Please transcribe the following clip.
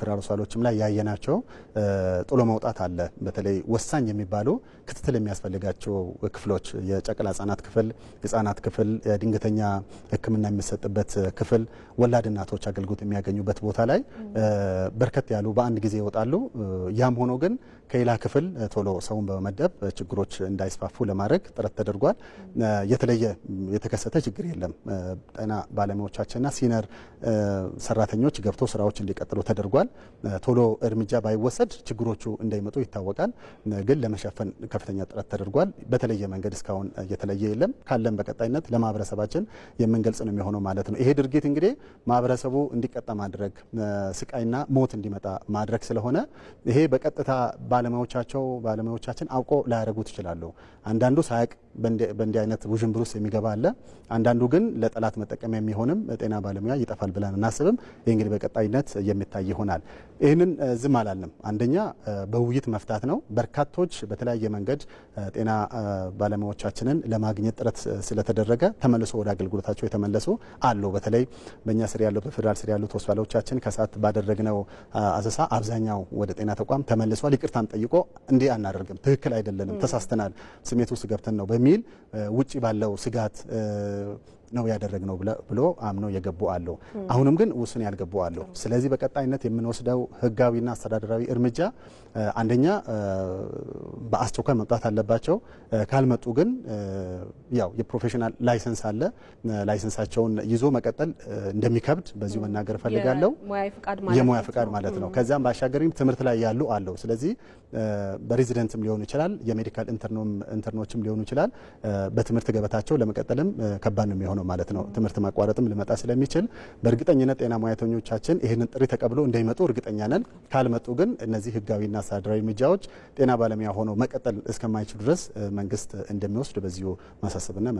ፍራሮሳሎችም ላይ ያየናቸው ጥሎ መውጣት አለ። በተለይ ወሳኝ የሚባሉ ክትትል የሚያስፈልጋቸው ክፍሎች የጨቅላ ህጻናት ክፍል፣ ህጻናት ክፍል፣ ድንገተኛ ሕክምና የሚሰጥበት ክፍል፣ ወላድ እናቶች አገልግሎት የሚያገኙበት ቦታ ላይ በርከት ያሉ በአንድ ጊዜ ይወጣሉ። ያም ሆኖ ግን ከሌላ ክፍል ቶሎ ሰውን በመመደብ ችግሮች እንዳይስፋፉ ለማድረግ ጥረት ተደርጓል። የተለየ የተከሰተ ችግር የለም። ጤና ባለሙያዎቻችንና ሲነር ሰራተኞች ገብቶ ስራዎች እንዲቀጥሉ ተደርጓል። ተረድተን ቶሎ እርምጃ ባይወሰድ ችግሮቹ እንዳይመጡ ይታወቃል። ግን ለመሸፈን ከፍተኛ ጥረት ተደርጓል። በተለየ መንገድ እስካሁን እየተለየ የለም። ካለን በቀጣይነት ለማህበረሰባችን የምንገልጽ ነው የሚሆነው ማለት ነው። ይሄ ድርጊት እንግዲህ ማህበረሰቡ እንዲቀጣ ማድረግ፣ ስቃይና ሞት እንዲመጣ ማድረግ ስለሆነ ይሄ በቀጥታ ባለሙያዎቻቸው ባለሙያዎቻችን አውቆ ላያደረጉት ይችላሉ። አንዳንዱ ሳያቅ በእንዲህ አይነት ውዥንብር ውስጥ የሚገባ አለ። አንዳንዱ ግን ለጠላት መጠቀሚያ የሚሆንም ጤና ባለሙያ ይጠፋል ብለን እናስብም። ይህ እንግዲህ በቀጣይነት የሚታይ ይሆናል። ይህንን ዝም አላልንም። አንደኛ በውይይት መፍታት ነው። በርካቶች በተለያየ መንገድ ጤና ባለሙያዎቻችንን ለማግኘት ጥረት ስለተደረገ ተመልሶ ወደ አገልግሎታቸው የተመለሱ አሉ። በተለይ በእኛ ስር ያሉት በፌዴራል ስር ያሉት ሆስፒታሎቻችን ከሰዓት ባደረግነው አሰሳ አብዛኛው ወደ ጤና ተቋም ተመልሷል። ይቅርታን ጠይቆ እንዲህ አናደርግም፣ ትክክል አይደለንም፣ ተሳስተናል፣ ስሜት ውስጥ ገብተን ነው የሚል ውጭ ባለው ስጋት ነው ነው ብሎ አምነው የገቡ አሉ። አሁንም ግን ውሱን ያልገቡ አሉ። ስለዚህ በቀጣይነት የምንወስደው ህጋዊና አስተዳደራዊ እርምጃ አንደኛ በአስቸኳይ መምጣት አለባቸው። ካልመጡ ግን ያው የፕሮፌሽናል ላይሰንስ አለ። ላይሰንሳቸውን ይዞ መቀጠል እንደሚከብድ በዚሁ መናገር እፈልጋለሁ። የሙያ ፍቃድ ማለት ነው። ከዚያም ባሻገር ትምህርት ላይ ያሉ አለው። ስለዚህ በሬዚደንትም ሊሆኑ ይችላል፣ የሜዲካል ኢንተርኖችም ሊሆኑ ይችላል። በትምህርት ገበታቸው ለመቀጠልም ከባድ ነው የሚሆነው የሚሆነው ማለት ነው። ትምህርት ማቋረጥም ሊመጣ ስለሚችል በእርግጠኝነት ጤና ሙያተኞቻችን ይህንን ጥሪ ተቀብሎ እንደሚመጡ እርግጠኛ ነን። ካልመጡ ግን እነዚህ ህጋዊና አስተዳደራዊ እርምጃዎች ጤና ባለሙያ ሆኖ መቀጠል እስከማይችሉ ድረስ መንግስት እንደሚወስድ በዚሁ ማሳሰብና